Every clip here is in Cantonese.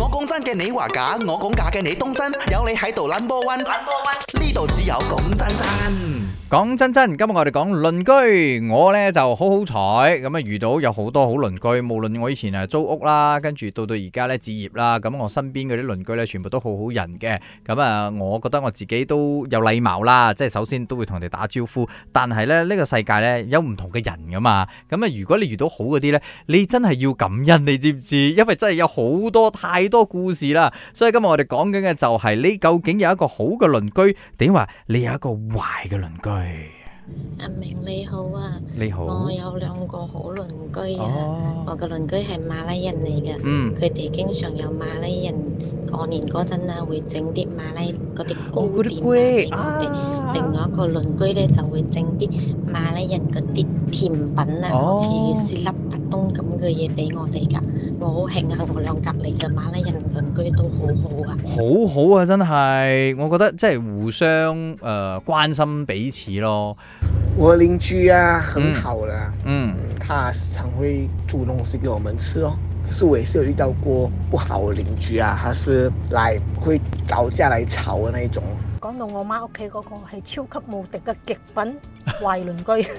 我講真嘅，你話假；我講假嘅，你當真。有你喺度，number one，呢度只有講真真。講真真，今日我哋講鄰居，我呢就好好彩，咁啊遇到有好多好鄰居。無論我以前係租屋啦，跟住到到而家呢置業啦，咁我身邊嗰啲鄰居呢，全部都好好人嘅。咁啊，我覺得我自己都有禮貌啦，即係首先都會同人哋打招呼。但係咧呢個世界呢，有唔同嘅人噶嘛，咁啊如果你遇到好嗰啲呢，你真係要感恩，你知唔知？因為真係有好多太多故事啦。所以今日我哋講緊嘅就係，你究竟有一個好嘅鄰居，定話你有一個壞嘅鄰居？哎、阿明你好啊，你好。我有兩個好鄰居啊，oh. 我個鄰居係馬來人嚟嘅，佢哋、mm. 經常有馬來人過年嗰陣啊，會整啲馬來嗰啲糕點俾、啊 oh, 我哋。Ah. 另外一個鄰居咧，就會整啲馬來人嗰啲甜品啊，好似絲粒白東咁嘅嘢俾我哋噶。我好慶幸，我兩隔籬嘅馬拉人鄰居都好好啊，好好啊，真係！我覺得即係互相誒、呃、關心彼此咯。我鄰居啊，很好啦、嗯，嗯，嗯他時常會煮東西給我們吃哦。可是我也是有遇到過不好的鄰居啊，他是來會吵架來吵嘅那一種。到我媽屋企嗰個係超級無敵嘅極品壞鄰居。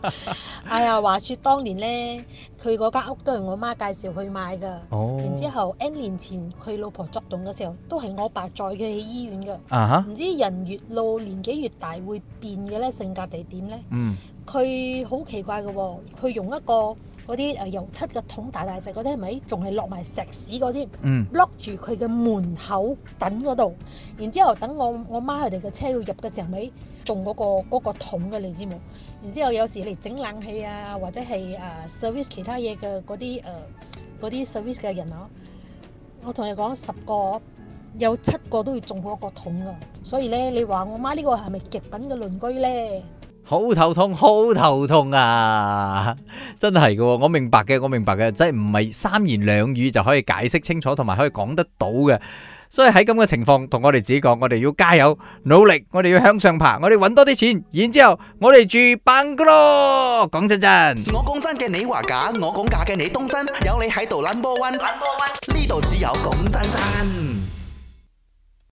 哎呀，話説當年呢，佢嗰間屋都係我媽介紹去買㗎。哦、然之後 N 年前佢老婆作動嘅時候，都係我爸載佢去醫院㗎。唔、啊、哈知人越老年紀越大會變嘅呢性格地點呢？嗯，佢好奇怪嘅喎、哦，佢用一個。嗰啲誒油漆嘅桶大大隻嗰啲係咪？仲係落埋石屎嗰啲，擸住佢嘅門口等嗰度。然之後等我我媽佢哋嘅車要入嘅時候，咪中嗰個、嗰個桶嘅你知冇？然之後有時嚟整冷氣啊，或者係誒、呃、service 其他嘢嘅嗰啲誒嗰啲 service 嘅人啊，我同你講十個有七個都要中嗰個桶㗎。所以咧，你話我媽呢個係咪極品嘅鄰居咧？好頭痛，好頭痛啊！真係嘅，我明白嘅，我明白嘅，真係唔係三言兩語就可以解釋清楚，同埋可以講得到嘅。所以喺咁嘅情況，同我哋自己講，我哋要加油努力，我哋要向上爬，我哋揾多啲錢，然之後我哋住辦㗎囉。講真真，我講真嘅，你話假，我講假嘅，你當真。有你喺度，number one，number one，呢度只有講真真。